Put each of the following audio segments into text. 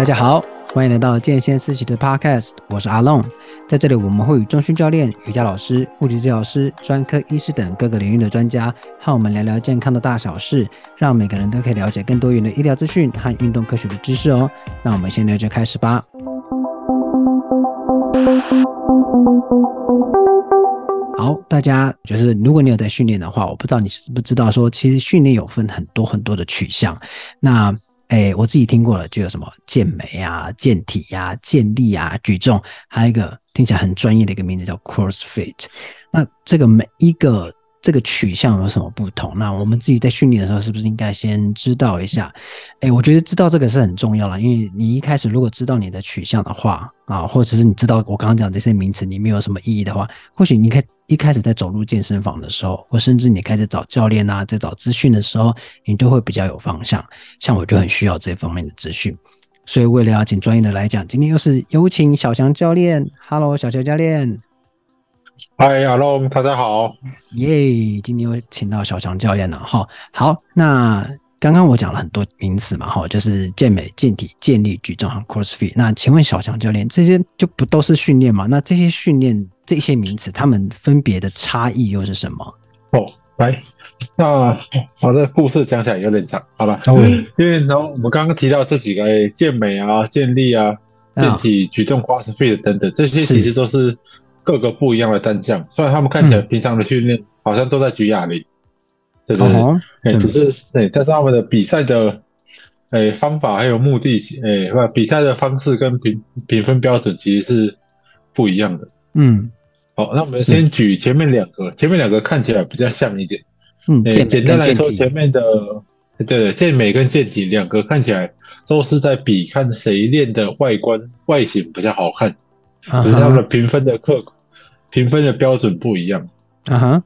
大家好，歡迎來到健先思齊的 podcast，我是阿龍。在這裡，我們會與重訓教練、瑜伽老師、物理治療師、專科醫師等各個領域的專家，和我們聊聊健康的大小事，讓每個人都可以了解更多元的醫療資訊和運動科學的知識哦。那我們現在就開始吧。好，大家就是如果你有在訓練的話，我不知道你是不是知道說，其實訓練有分很多很多的取向，那。誒、欸，我自己聽過了，就有什麼健美啊、健體呀、啊、健力啊、舉重，還有一個聽起來很專業的一個名字叫 CrossFit。那這個每一個。這個取向有什麼不同？那我們自己在訓練的時候，是不是應該先知道一下？哎，我覺得知道這個是很重要了，因為你一開始如果知道你的取向的話啊，或者是你知道我剛剛講這些名詞你沒有什麼意義的話，或許你一開始在走入健身房的時候，或甚至你開始找教練啊，在找資訊的時候，你就會比較有方向。像我就很需要這方面的資訊，所以為了要請專業的來講，今天又是有請小強教練。Hello，小強教練！嗨，Hello，大家好。耶，今天又請到小強教練了。哈，好，那剛剛我講了很多名詞嘛，哈，就是健美、健體、健力、舉重和 CrossFit。那請問小強教練，這些就不都是訓練嘛？那這些訓練這些名詞，他們分別的差異又是什麼？哦，來，那把這故事講講有點長，好吧？嗯，因為呢，我們剛剛提到這幾個健美啊、健力啊、健體、舉重、CrossFit 等等，這些其實都是，是。各個不一樣的單項，雖然他們看起來平常的訓練好像都在舉啞鈴，嗯、對對對，uh、huh, 只是對，嗯、但是他們的比賽的哎、欸、方法還有目的，哎、欸，那比賽的方式跟評評分標準其實是不一樣的。嗯，好，那我們先舉前面兩個，嗯、前面兩個看起來比較像一點。嗯，欸、健簡單來說，前面的對，對，對健美跟健體兩個看起來都是在比看誰練的外觀外形比較好看，就是、uh huh. 他們的評分的刻。評分的標準不一樣、uh，嗯哼，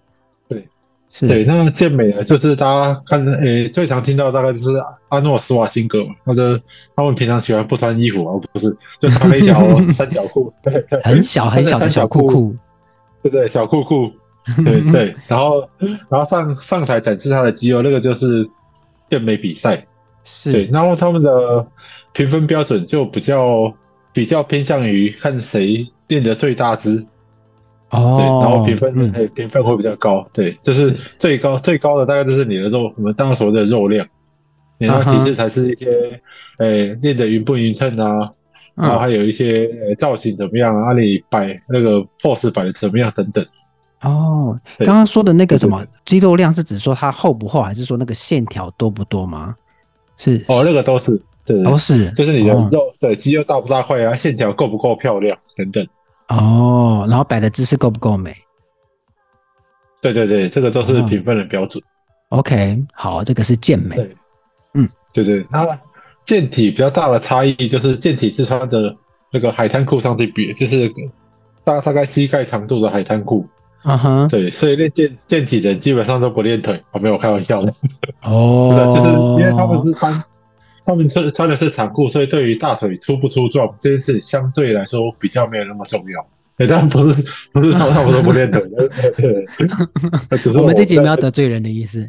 對，是對。那健美呢，就是大家看，誒、欸，最常聽到大概就是阿諾·史瓦辛格嘛，他的他們平常喜歡不穿衣服啊，不是，就穿一條 三角褲對對對，很小很小的三角褲褲，褲褲對，對對？小褲褲， 對，對對。然後，然後上上台展示他的肌肉，那個就是健美比賽，是。對，然後他們的評分標準就比較比較偏向於看誰練得最大只。哦，對，然後評分，評分會比較高。對，就是最高最高的大概就是你的肉，我們當時的肉量。然後其次才是一些，誒，練的勻不勻稱啊，然後還有一些造型怎麼樣啊，你擺那個 pose 擺的怎麼樣等等。哦，剛剛說的那個什麼肌肉量是指說它厚不厚，還是說那個線條多不多嗎？是，哦，那個都是，對，都是，就是你的肉，對，肌肉大不大塊啊，線條夠不夠漂亮等等。哦，然後擺的姿勢夠不夠美？對對對，這個都是評分的標準。Oh, OK，好，這個是健美。對嗯，對對。那健體比較大的差異就是健體是穿的那個海灘褲上去比，就是大大概膝蓋長度的海灘褲。啊哼、uh。Huh. 對，所以練健健體的基本上都不練腿。我、哦、沒有開玩笑的。哦。 Oh. 就是因為他們是穿。他們穿穿的是長褲，所以對於大腿粗不粗壯，這件事相對來說比較沒有那麼重要。對、欸，但不是不是說他們都不練腿。我們自己沒有得罪人的意思。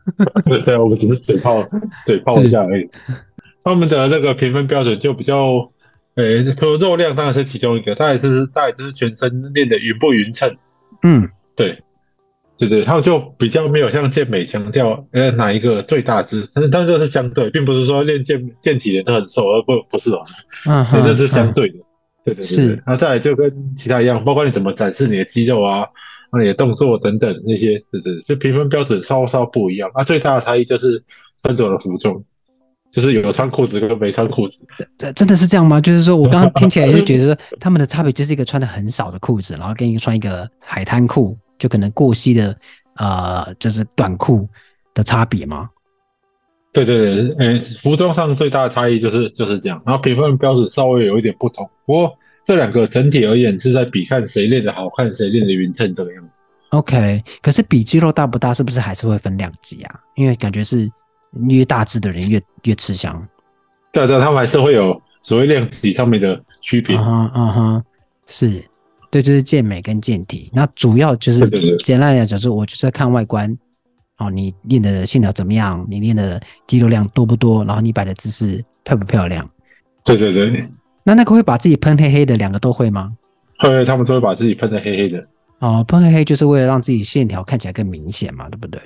對，我們只是嘴炮嘴炮一下而已。是他們的那個評分標準就比較，誒、欸，說肉量當然是其中一個，但也是但也是全身練的勻不勻稱。嗯，對。對對，他就比較沒有像健美強調呃哪一個最大值，但是但這是相對，並不是說練健健體的人都很瘦，而不不是哦、啊，嗯、啊哈，那就是相對的，啊、哈對對對對。那是再來就跟其他一樣，包括你怎麼展示你的肌肉啊，啊你的動作等等那些，對對，就評分標準稍稍不一樣。啊，最大的差異就是穿着的服裝，就是有穿褲子跟沒穿褲子。真的是這樣嗎？就是說我剛剛聽起來就覺得，他們的差別就是一個穿的很少的褲子，然後跟一個穿一個海灘褲。就可能過膝的，呃，就是短褲的差別嘛。對對對，哎，服裝上最大的差異就是就是這樣，然後評分標準稍微有一點不同。不過這兩個整體而言是在比看誰練得好看，誰練得勻稱這個樣子。OK，可是比肌肉大不大，是不是還是會分量級啊？因為感覺是越大隻的人越越吃香。對對，他們還是會有所謂量級上面的區別。嗯嗯哼，uh-huh, uh-huh, 是。對，就是健美跟健體，那主要就是簡單來講，就是我就是在看外觀，對對對哦，你練的線條怎麼樣，你練的肌肉量多不多，然後你擺的姿勢漂不漂亮？對對對，那那個會把自己噴黑黑的兩個都會嗎？會，他們都會把自己噴的黑黑的。哦，噴黑黑就是為了讓自己線條看起來更明顯嘛，對不對？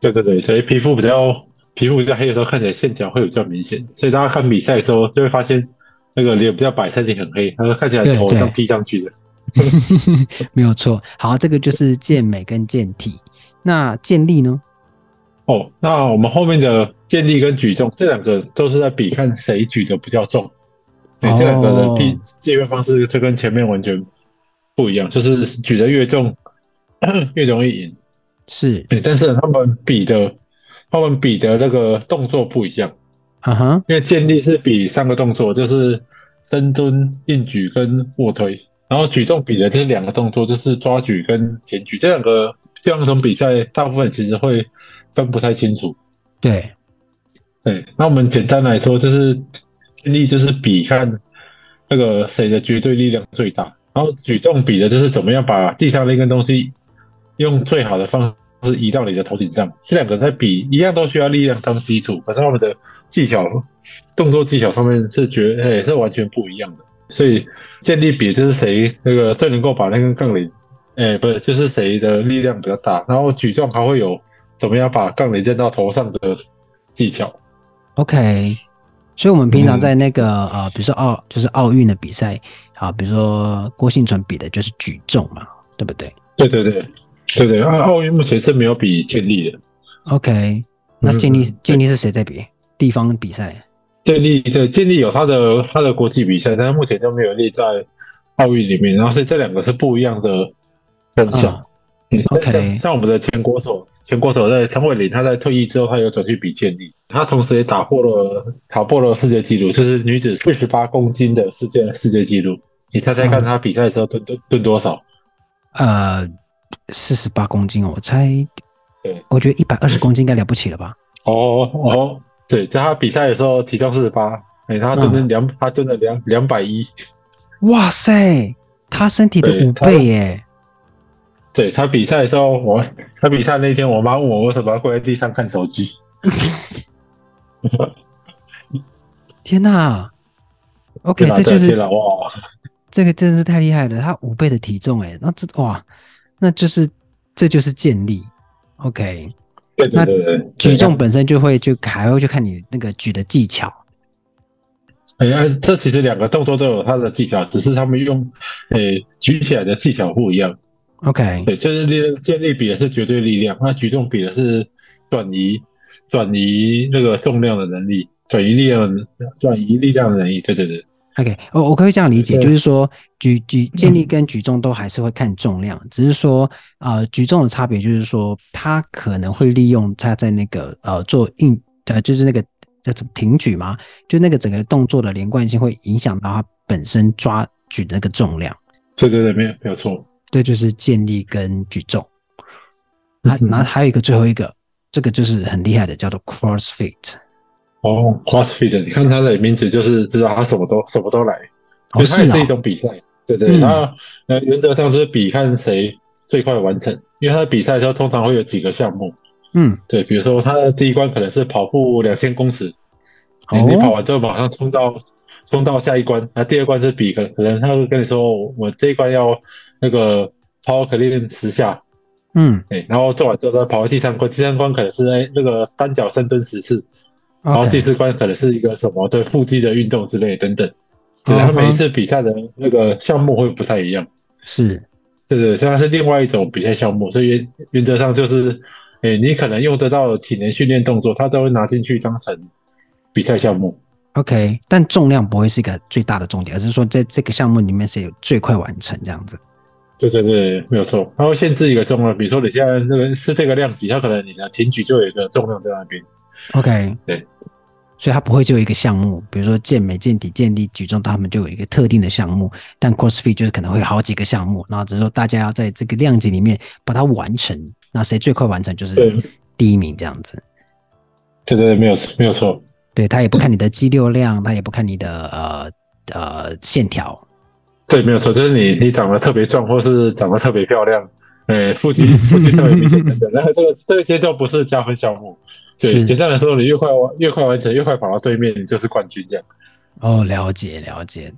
對對對，所以皮膚比較皮膚比較黑的時候，看起來線條會比較明顯，所以大家看比賽的時候就會發現，那個臉比較白，身體很黑，他看起來頭像披上，上去的。對對對 沒有錯，好，這個就是健美跟健體。那健力呢？哦，那我們後面的健力跟舉重這兩個都是在比，看誰舉得比較重。對、哦，這兩個人比，這邊方式就跟前面完全不一樣，就是舉得越重越容易贏。是，但是他們比的，他們比的那個動作不一樣。啊哈，因為健力是比三個動作，就是深蹲、硬舉跟臥推。然後舉重比的這兩個動作就是抓舉跟挺舉，這兩個這兩種比賽，大部分其實會分不太清楚。對，對。那我們簡單來說，就是健力就是比看那個誰的絕對力量最大。然後舉重比的就是怎麼樣把地上那根個東西用最好的方式移到你的頭頂上，這兩個在比一樣都需要力量當基礎，可是他們的技巧動作技巧上面是絕對、哎、是完全不一樣的。所以，健力比就是誰那個最能夠把那根槓鈴，哎、欸，不是，就是誰的力量比較大。然後舉重還會有怎麼樣把槓鈴扔到頭上的技巧。OK，所以我們平常在那個啊、嗯呃，比如說奧，就是奧運的比賽啊、呃，比如說郭婞淳比的就是舉重嘛，對不對？對對對，對對，那奧運目前是沒有比健力的。OK，那健力、嗯、健力是誰在比？對地方比賽？健力，對健力有他的他的國際比賽，但是目前都沒有列在奧運裡面。然後所以這兩個是不一樣的方向。啊、像 OK，像我們的前國手，前國手在陳葦綾，她在退役之後，她有轉去比健力。她同時也打破了打破了世界紀錄，就是女子四十八公斤的世界世界紀錄。你猜猜看，看，她比賽的時候蹲蹲蹲多少？呃，四十八公斤，哦，我猜。對，我覺得一百二十公斤應該了不起了吧？哦哦。哦對，在他比賽的時候，體重四十八，他蹲了兩、嗯，他蹲了兩兩百一，2, 哇塞，他身體的五倍耶！對,他,對他比賽的時候，我他比賽那天，我媽問我為什麼要跪在地上看手機。天哪，OK，這就是、啊、哇，這個真是太厲害了，他五倍的體重哎，那這哇，那就是這就是健力。OK 對對對，舉重本身就會就還要去看你那個舉的技巧。哎呀、欸，這其實兩個動作都有它的技巧，只是他們用哎、欸，舉起來的技巧不一樣。OK，對，就是練健力比的是絕對力量，那舉重比的是轉移轉移那個重量的能力，轉移力量的能力轉移力量的能力。對對對。OK，我我可以這樣理解，是的就是說舉舉健力跟舉重都還是會看重量，嗯、只是說啊、呃、舉重的差別就是說，他可能會利用他在那個呃做硬呃就是那個叫什麼挺舉嗎？就那個整個動作的連貫性會影響到他本身抓舉的那個重量。對對對，沒沒有錯。錯對，就是健力跟舉重。還那的還有一個最後一個，嗯、這個就是很厲害的，叫做 CrossFit。哦、oh,，CrossFit 你看他的名字就是知道他什麼都什麼都來，所以他也是一種比賽，啊、對,對對。嗯、然後呃原則上就是比看誰最快完成，因為他的比賽的時候通常會有幾個項目，嗯，對，比如說他的第一關可能是跑步兩千公尺，哦、你跑完之後馬上衝到衝到下一關，那第二關是比，可可能他會跟你說我這一關要那個 power clean 十下，嗯，對。然後做完之後再跑第三關，第三關可能是在那個單腳深蹲十次。然後第四關可能是一個什麼對腹肌的運動之類等等，對，他每一次比賽的那個項目會不太一樣，是，對對,對，所以它是另外一種比賽項目，所以原原則上就是，誒，你可能用得到體能訓練動作，他都會拿進去當成比賽項目。OK，但重量不會是一個最大的重點，而是說在這個項目裡面誰最快完成這樣子。對對對，沒有錯，他會限制一個重量，比如說你現在這邊是這個量級，他可能你的挺舉就有一個重量在那邊。OK，對，所以他不會就一個項目，比如說健美、健體、健力、舉重，他們就有一個特定的項目。但 CrossFit 就是可能會有好幾個項目，然後只是說大家要在這個量級裡面把它完成，那誰最快完成就是第一名這樣子。對，對對，沒有沒有錯。對，他也不看你的肌肉量，他也不看你的呃呃線條。對，沒有錯，就是你你長得特別壯，或是長得特別漂亮。對，腹肌、腹肌稍微明顯 然後這個這個階段不是加分項目。對，比賽是的時候，你越快越快完成，越快跑到對面你就是冠軍這樣。哦，了解了解。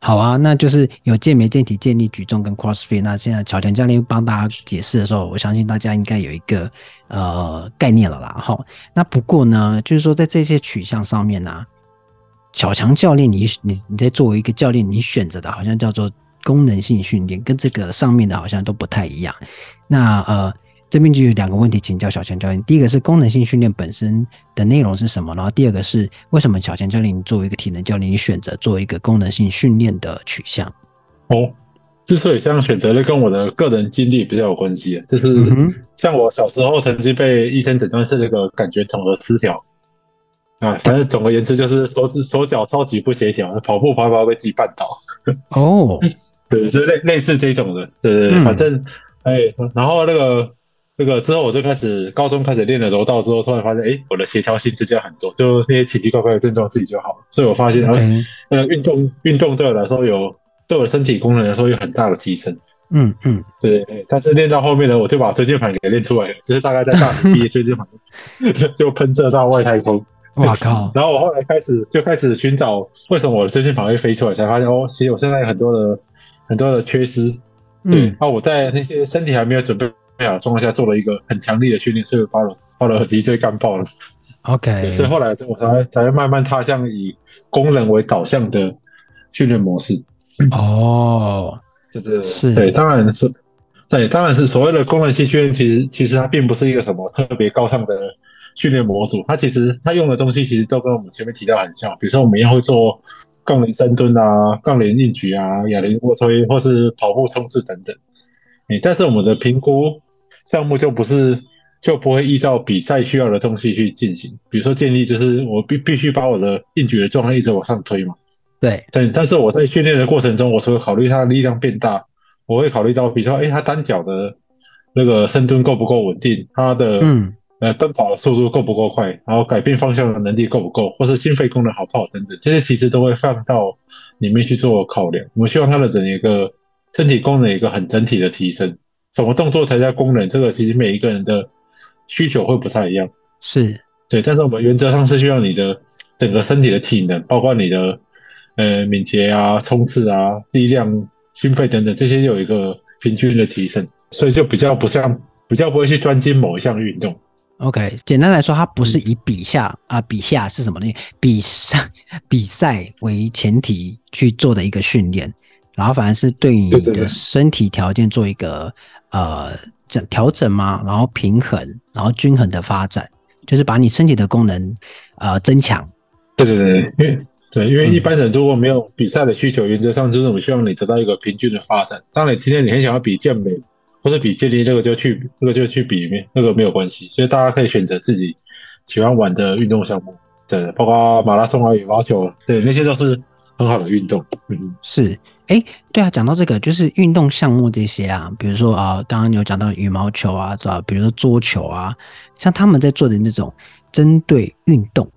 好啊，那就是有健美、健體、健力、舉重跟 CrossFit。那現在喬田教練幫大家解釋的時候，我相信大家應該有一個呃概念了啦。好，那不過呢，就是說在這些取向上面呢、啊，小強教練你，你你你在作為一個教練，你選擇的好像叫做。功能性訓練跟這個上面的好像都不太一樣，那呃，這邊就有兩個問題請教小強教練。第一個是功能性訓練本身的內容是什麼呢？然後第二個是為什麼小強教練你作為一個體能教練，你選擇做一個功能性訓練的取向？哦，之所以這樣選擇了，跟我的個人經歷比較有關係。就是像我小時候曾經被醫生診斷是這個感覺統合失調啊，嗯、哼反正總而言之就是手指手腳超級不協調，跑步跑跑被自己絆倒。哦。對，就類類似這種的，對對對，嗯、反正哎、欸，然後那個那個之後，我就開始高中開始練了柔道之後，突然發現哎、欸，我的協調性增加很多，就那些奇奇怪怪的症狀自己就好了。所以我發現嗯，運 Okay. 動運動對我來說有，的有對我身體功能來說有很大的提升。嗯嗯，對對對，但是練到後面呢，我就把椎間盤給練出來了，就是大概在大學畢業 椎間盤就就噴射到外太空。我靠、欸！然後我後來開始就開始尋找為什麼我的椎間盤會飛出來，才發現哦，其實我現在有很多的。很多的缺失，嗯，那我在那些身體還沒有準備好的狀況下做了一個很強力的訓練，所以把我把我的脊椎幹爆了。OK，對，所以後來我才才慢慢踏向以功能為導向的訓練模式。哦，oh, 就是，是對，當然是對，當然是所謂的功能性訓練，其實其實它並不是一個什麼特別高尚的訓練模組，它其實它用的東西其實都跟我們前面提到很像，比如說我們也會做。槓鈴深蹲啊，槓鈴硬舉啊，啞鈴臥推或是跑步衝刺等等、欸，但是我們的評估項目就不是就不會依照比賽需要的東西去進行，比如說健力就是我必必須把我的硬舉的狀態一直往上推嘛，對，但但是我在訓練的過程中，我除了會考慮它的力量變大，我會考慮到比如說，誒、欸、它單腳的那個深蹲夠不夠穩定，它的、嗯呃，奔跑的速度夠不夠快？然後改變方向的能力夠不夠，或是心肺功能好不好？等等，這些其實都會放到裡面去做考量。我們希望他的整一個身體功能有一個很整體的提升。什麼動作才叫功能？這個其實每一個人的需求會不太一樣。是。對，但是我們原則上是需要你的整個身體的體能，包括你的呃敏捷啊、衝刺啊、力量、心肺等等這些有一個平均的提升，所以就比較不像，比較不會去專精某一項運動。OK，簡單來說，它不是以比賽、嗯、啊，比賽是什麼呢？比賽比賽為前提去做的一個訓練，然後反而是對你的身體條件做一個對對對呃，整調整嘛，然後平衡，然後均衡的發展，就是把你身體的功能呃增強。對對對，因為對，因為一般人如果沒有比賽的需求，原則上就是我希望你得到一個平均的發展。當然，今天你很想要比健美。不是比接力，這個就去，這、那個就去比，那個沒有關係，所以大家可以選擇自己喜歡玩的運動項目，對，包括馬拉松啊、羽毛球，對，那些都是很好的運動。嗯，是，哎、欸，對啊，講到這個，就是運動項目這些啊，比如說啊，剛、哦、剛有講到羽毛球啊，對吧？比如說桌球啊，像他們在做的那種針對運動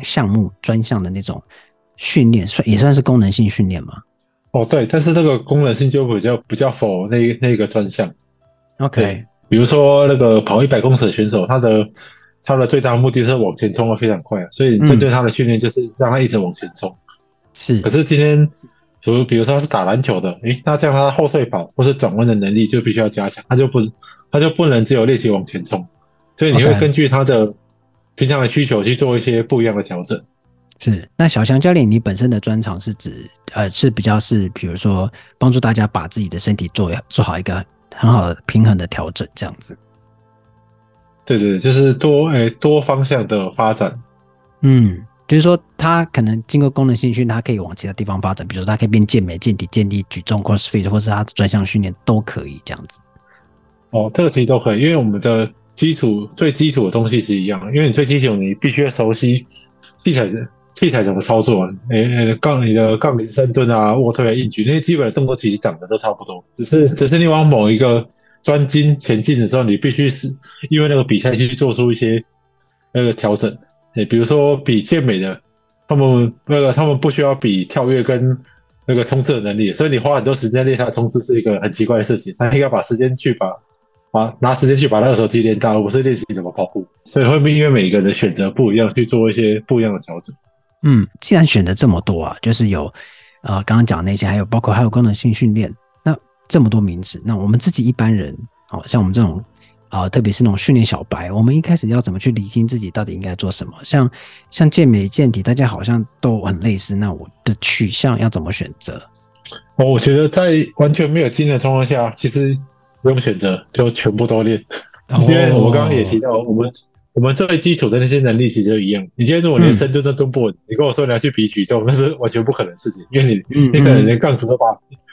項目專項的那種訓練，算也算是功能性訓練嘛。哦，對，但是那個功能性就比較比較 for，那那個專項。OK，、欸、比如說那個跑一百公尺的選手，他的他的最大的目的是往前衝的非常快啊，所以你針對他的訓練就是讓他一直往前衝、嗯。是，可是今天，比如比如說他是打籃球的，誒、欸，那這樣他的後退跑或是轉彎的能力就必須要加強，他就不他就不能只有練習往前衝，所以你會根據他的 Okay 平常的需求去做一些不一樣的調整。是，那小強教練，你本身的專長是指呃是比較是，比如說幫助大家把自己的身體做做好一個。很好的平衡的調整，這樣子。對，對對，就是多誒、欸、多方向的發展。嗯，就是說他可能經過功能性訓練，他可以往其他地方發展，比如說他可以變健美、健體、健力、舉重、或 r 或是他的專項訓練都可以這樣子。哦，這個其實都可以，因為我們的基礎最基礎的東西是一樣的，因為你最基礎你必須要熟悉器材的。器材怎麼操作？誒、欸，槓你的槓鈴深蹲啊，臥推啊，硬舉，那些基本的動作其實長得都差不多，只是只是你往某一個專精前進的時候，你必須是因為那個比賽去做出一些那個、呃、調整。誒、欸，比如說比健美的，他們那個、呃、他們不需要比跳躍跟那個衝刺的能力，所以你花很多時間練他衝刺是一個很奇怪的事情，他應該把時間去把把拿時間去把那個時候練大了，不是練習怎麼跑步。所以會因為每一個人選擇不一樣，去做一些不一樣的調整。嗯，既然選擇這麼多啊，就是有，呃，剛剛講那些，還有包括還有功能性訓練，那這麼多名詞，那我們自己一般人，哦，像我們這種，啊、呃，特別是那種訓練小白，我們一開始要怎麼去理清自己到底應該做什麼？像像健美健體，大家好像都很類似，那我的取向要怎麼選擇？哦，我覺得在完全沒有經驗的情況下，其實不用選擇，就全部都練， 因為我剛剛也提到我們。我們最基礎的那些能力其實就一樣。你今天如果連深蹲都蹲不穩，你跟我說你要去比舉重，那是完全不可能的事情。因為你，你可能連槓子都把，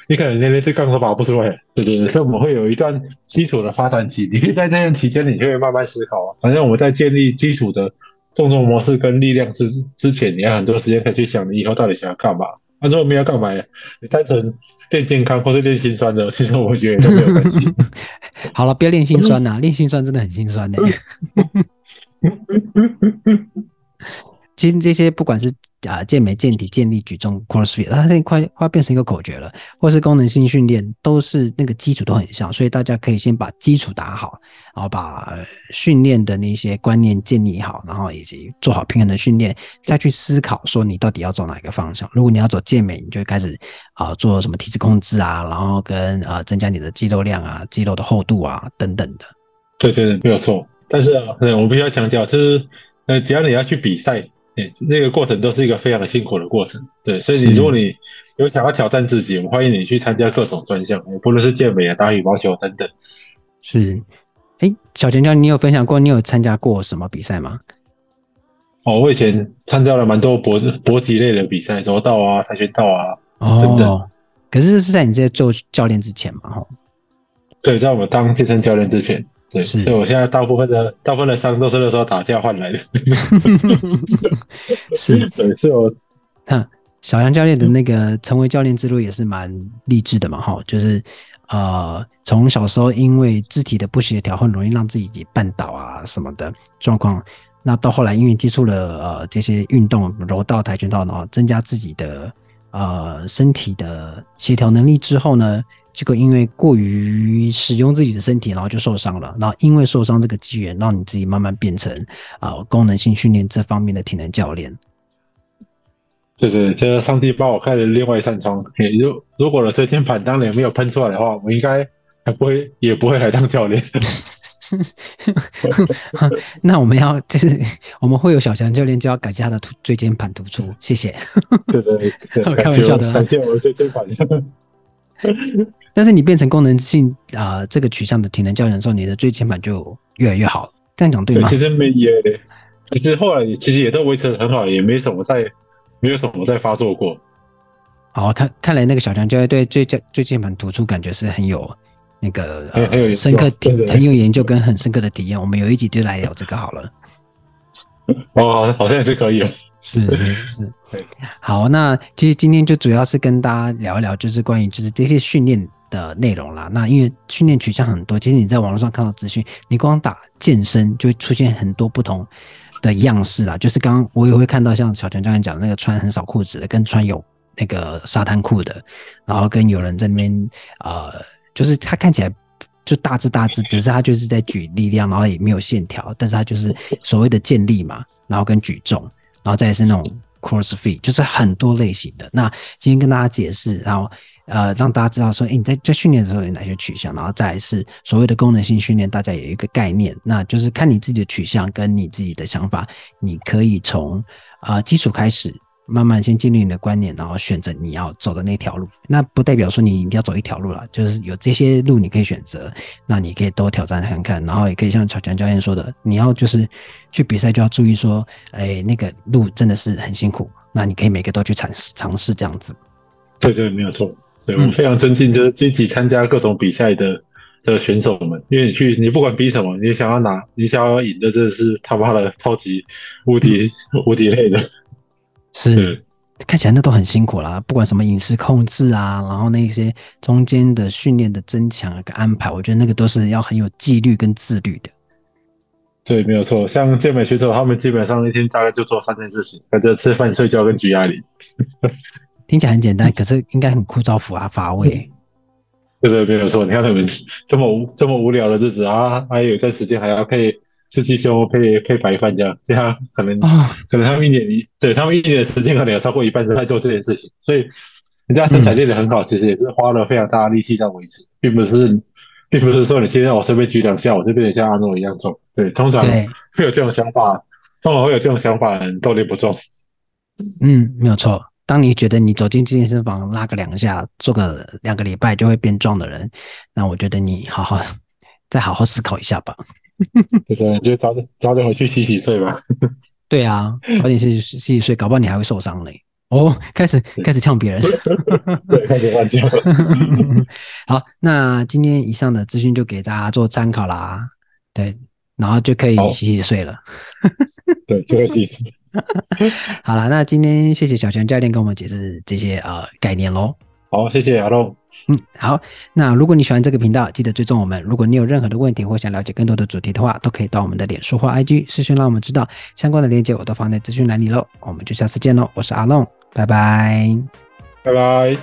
你可能連天對槓子把不熟練。對對對，所以我們會有一段基礎的發展期。你可以在那段期間，你就會慢慢思考。反正我們在建立基礎的動作模式跟力量之之前，你要很多時間可以去想，你以後到底想要幹嘛？那如果沒有幹嘛呀？你單純練健康或是練心酸的，其實我覺得都沒有關係。 好了，不要練心酸吶！練心、嗯、酸真的很心酸的、欸。 嗯嗯嗯嗯嗯，其實這些不管是啊健美、健體、健力、舉重、CrossFit、er，它現在快快變成一個口訣了，或是功能性訓練，都是那個基礎都很像，所以大家可以先把基礎打好，然後把訓練的那些觀念建立好，然後以及做好平衡的訓練，再去思考說你到底要走哪一個方向。如果你要走健美，你就開始啊做什麼體脂控制啊，然後跟啊增加你的肌肉量啊、肌肉的厚度啊等等的。對對對，沒有錯。但是啊，對，我們必須要強調，就是，呃，只要你要去比賽，哎，那個過程都是一個非常辛苦的過程，對，所以你如果你有想要挑戰自己，是我歡迎你去參加各種專項，不論是健美啊、打羽毛球等等。是，哎、欸，小強教練，你有分享過你有參加過什麼比賽嗎？哦，我以前參加了蠻多搏搏擊類的比賽，柔道啊、跆拳道啊、哦、等等。可是這是在你在做教練之前嗎？哈，對，在我當健身教練之前。對，是所以我現在大部分的大部分的傷都是那時候打架換來的。 是，對，是我。看小楊教練的那個成為教練之路也是蠻勵志的嘛，哈，就是呃，從小時候因為肢體的不協調，很容易讓自己給絆倒啊什麼的狀況，那到後來因為接觸了呃這些運動，柔道、跆拳道，然後增加自己的呃身體的協調能力之後呢。結果因為過於使用自己的身體，然後就受傷了。然後因為受傷這個機緣，讓你自己慢慢變成啊功能性訓練這方面的體能教練。對對，這上帝幫我開了另外一扇窗。如如果我的椎間盤當年沒有噴出來的話，我應該還不會也不會來當教練。那我們要就是我們會有小強教練，就要感謝他的椎間盤突出，謝謝。對對，開玩笑的覺，感謝我的椎間盤。 但是你變成功能性啊、呃、這個取向的體能教練的時候，你的椎間盤就越來越好，這樣講對嗎？對。其實沒耶的，其實後來其實也都維持得很好，也沒什麼再沒有什麼再發作過。哦、啊，看看來那個小強教練對最最椎間盤突出感覺是很有那個、呃、很很有深刻對對對，很有研究跟很深刻的體驗，我們有一集就來聊這個好了。 哦，好像好像也是可以、哦。是是是，好，那其實今天就主要是跟大家聊一聊，就是關於就是這些訓練的內容啦。那因為訓練取向很多，其實你在網絡上看到資訊，你光打健身就會出現很多不同的樣式啦。就是剛剛我也會看到，像小強教練講那個穿很少褲子的，跟穿有那個沙灘褲的，然後跟有人在那邊呃，就是他看起來就大隻大隻，只是他就是在舉力量，然後也沒有線條，但是他就是所謂的健力嘛，然後跟舉重。然後再是那種 CrossFit，就是很多類型的。那今天跟大家解釋，然後呃讓大家知道說，誒，你在在訓練的時候有哪些取向。然後再是所謂的功能性訓練，大家有一個概念，那就是看你自己的取向跟你自己的想法，你可以從啊、呃、基礎開始。慢慢先建立你的觀念，然後選擇你要走的那條路。那不代表說你一定要走一條路了，就是有這些路你可以選擇。那你可以多挑戰看看，然後也可以像小強教練說的，你要就是去比賽就要注意說，哎、欸，那個路真的是很辛苦。那你可以每個都去嘗試嘗試這樣子。對對，沒有錯。所以、嗯、我非常尊敬，就是積極參加各種比賽的的選手們，因為你去，你不管比什麼，你想要拿，你想要贏的，真的是他媽的超級無敵、嗯、無敵累的。是，對看起來那都很辛苦啦。不管什麼飲食控制啊，然後那些中間的訓練的增強跟安排，我覺得那個都是要很有紀律跟自律的。對，沒有錯。像健美選手，他們基本上一天大概就做三件事情：在這吃飯、睡覺跟舉啞鈴。 聽起來很簡單，可是應該很枯燥、啊、乏乏味。 對，對對，沒有錯。你看他們這麼無這麼無聊的日子啊，還有一段時間還要配。就雞胸配配白飯這樣，這樣可能可能他們一年一、哦、對他們一年的時間可能有超過一半是在做這件事情，所以人家身材練得很好，嗯、其實也是花了非常大的力氣在維持，並不是，並不是說你今天我隨便舉兩下，我就變得像阿諾一樣壯。對，通常，對通常會有這種想法，通常會有這種想法，都練不壯。嗯，沒有錯。當你覺得你走進健身房拉個兩下，做個兩個禮拜就會變壯的人，那我覺得你好好再好好思考一下吧。就早點早點回去洗洗睡吧。 對啊，早點洗洗洗洗睡，搞不好你還會受傷嘞。哦，開始開始嗆別人， 對，開始亂了 好，那今天以上的資訊就給大家做參考啦。對，然後就可以洗洗睡了。Oh, 對，就可以洗洗。 好了，那今天謝謝小強教練跟我們解釋這些、呃、概念嘍。好，oh, 謝謝阿六。嗯，好。那如果你喜歡這個頻道，記得追蹤我們。如果你有任何的問題或想了解更多的主題的話，都可以到我們的臉書或 IG 私信讓我們知道。相關的鏈接我都放在資訊欄裡了。我們就下次見嘍，我是阿弄，拜拜，拜拜。